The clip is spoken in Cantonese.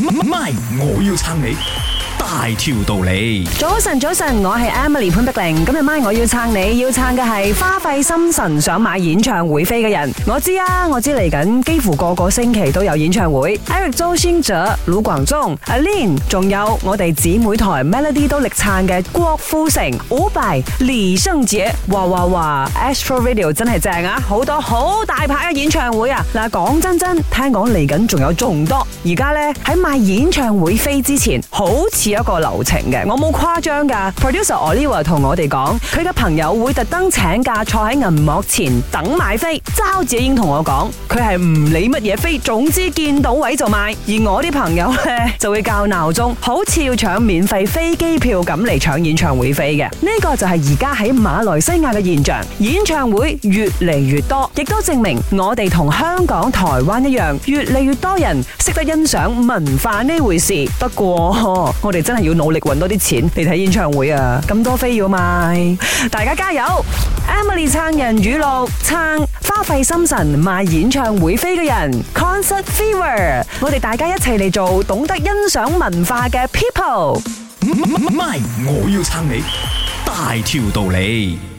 MY，我要撐你。大條道理，早晨早晨，我係 Emily 潘碧玲。今日 MY 我要撐你，要撐嘅係花費心神想買演唱會飛嘅人。我知啊，我知嚟緊幾乎個個星期都有演唱會。Eric 周興哲、盧廣仲、A Lin，仲有我哋姊妹台 Melody 都力撐嘅郭富城、伍佰、李聖傑，哇哇哇！Astro Video 真係正啊，好多好大牌嘅演唱會啊。嗱，講真真，聽講嚟緊仲有仲多。而家咧喺買演唱會飛之前，好似。一個流程嘅，我冇誇張噶。Producer Oliver 同我哋講，佢嘅朋友會特登請假坐喺銀幕前等買飛，周子英同我講，佢係唔理乜嘢飛，總之見到位就買。而我啲朋友咧就會教鬧鐘，好似要搶免費飛機票咁嚟搶演唱會飛嘅。呢個就係而家喺馬來西亞嘅現象，演唱會越嚟越多，亦都證明我哋同香港、台灣一樣，越嚟越多人識得欣賞文化呢回事。不過我哋，真係要努力揾多啲錢嚟睇演唱會啊！咁多飛要買，大家加油！Emily 撐人語錄，撐花費心神買演唱會飛嘅人，concert fever，我哋大家一齊嚟做懂得欣賞文化嘅 people。My，我要撐你，大條道理。